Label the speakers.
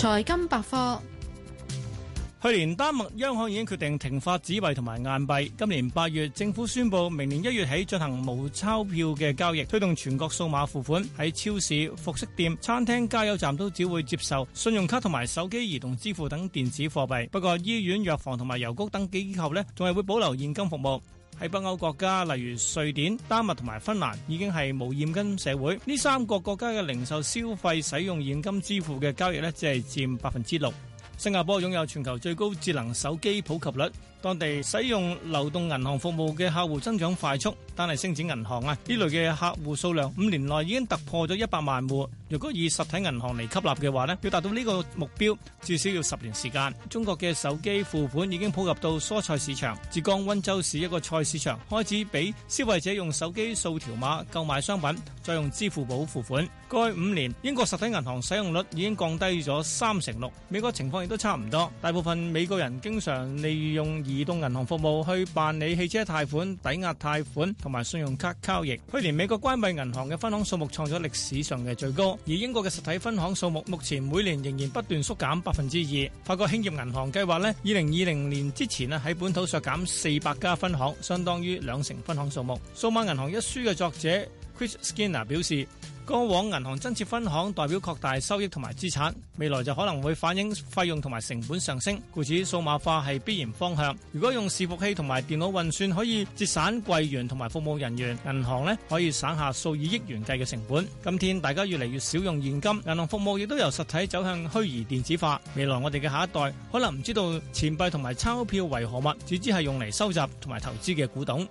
Speaker 1: 財金百科：去年丹麥央行已經決定停發紙幣同埋硬幣，今年八月政府宣布明年一月起進行無鈔票嘅交易，推動全國數碼付款，喺超市、服飾店、餐廳、加油站都只會接受信用卡同埋手機移動支付等電子貨幣，不過醫院、藥房同埋郵局等機構呢，仲係會保留現金服務。喺北歐國家，例如瑞典、丹麥同埋芬蘭，已經係無現金社會。呢三個國家嘅零售消費使用現金支付嘅交易咧，只係佔百分之六。新加坡擁有全球最高智能手機普及率。當地使用流動銀行服務嘅客戶增長快速，但係星展銀行啊呢類嘅客戶數量五年內已經突破咗一百萬戶。如果以實體銀行嚟吸納嘅話呢，要達到呢個目標至少要十年時間。中國嘅手機付款已經普及到蔬菜市場，浙江溫州市一個菜市場開始俾消費者用手機掃條碼購買商品，再用支付寶付款。過去五年，英國實體銀行使用率已經降低咗三成六，美國情況亦都差唔多。大部分美國人經常利用。移動銀行服務去辦理汽車貸款、抵押貸款同埋信用卡交易。去年美國關閉銀行嘅分行數目創咗歷史上嘅最高，而英國嘅實體分行數目目前每年仍然不斷縮減百分之二。法國興業銀行計劃呢，二零二零年之前啊，喺本土削減四百家分行，相當於兩成分行數目。數碼銀行一書嘅作者 Chris Skinner 表示。過往銀行增設分行代表擴大收益同埋資產，未來就可能會反映費用同埋成本上升，故此數碼化係必然方向。如果用伺服器同埋電腦運算，可以節省櫃員同埋服務人員，銀行呢可以省下數以億元計嘅成本。今天大家越嚟越少用現金，銀行服務亦都由實體走向虛擬電子化。未來我哋嘅下一代可能唔知道錢幣同埋鈔票為何物，只知係用嚟收集同埋投資嘅古董。